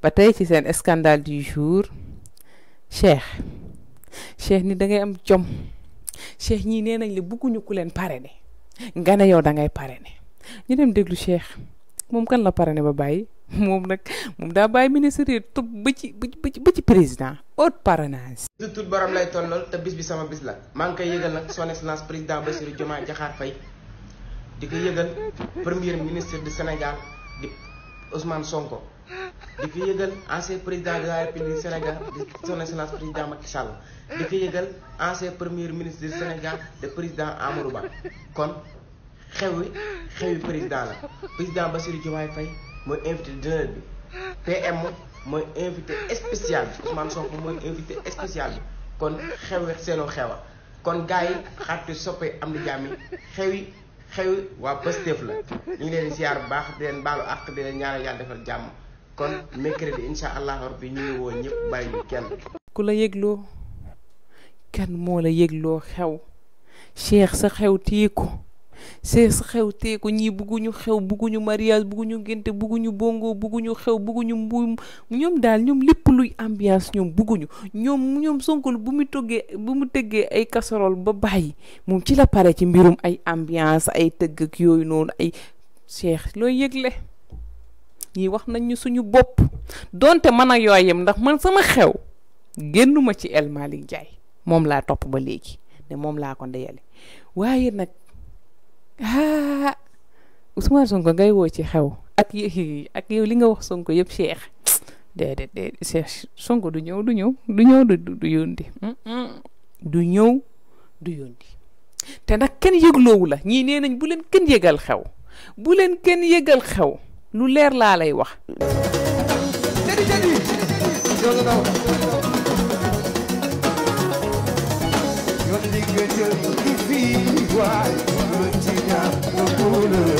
batay ci sen scandale du jour Cheikh Cheikh ni da ngay am jom Cheikh ni nenañ le la ñu ku len parrainé nga ne yow da ngay parrainé ñu dem déglu Cheikh mom kan la parrainé ba bay mom nak mom da bay ministre yi tub ba ci ba ci président haute parrainage. tout borom lay tollal te bis bi sama bis la man kay yegal nak son excellence président Bassirou djuma jaxar fay di ko yegal premier ministre du Sénégal di Ousmane Sonko. di ko yëgal ancien président de la république du Sénégal di son excellence président Macky Sall di ko yëgal ancien premier ministre du Sénégal de président Amadou Ba kon xewi xewi président la président Bassirou Diomaye fay mooy invité d'honneur bi PM mooy invité spécial bi Ousmane Sonko mooy invité bi kon xewi seenu xewa kon gars yi xaatu soppe am di jàmm yi xewi xewi waa Pastef la ñu leen di bu baax di leen baalu àq di leen ñaanal jàmm kon mercredi incha allah rabbi ñu ngi woo ñëpp bàyyi ñu kenn. ku la yëgloo kan moo la yëgloo xew Cheikh sa xew teeku Cheikh sa xew teeku ñii bugguñu xew bugguñu mariage bugguñu ngénte bugguñu bongo bugguñu xew bugguñu mbuum ñoom daal ñoom lépp luy ambiance ñoom bugguñu ñoom ñoom Sonko bu mu toggee bu mu tëggee ay casserole ba bàyyi moom ci la pare ci mbirum ay ambiance ay tëgg ak yooyu noonu ay Cheikh looy yëgle. ñii wax nañ ñu suñu bopp donte man ak yooyam ndax man sama xew génnuma ci El Malick Ndiaye moom laa topp ba léegi ne moom laa ko ndeyale waaye nag ah Ousmane Sonko ngay woo ci xew ak ak yow li nga wax Sonko yëpp Cheikh déedéet Sonko du ñëw du ñëw du ñëw du yóndi du ñëw du yóndi te nag kenn yëgloowu la ñii nee nañ bu leen kenn yëgal xew bu leen kenn yëgal xew lu leer laa lay wax jadi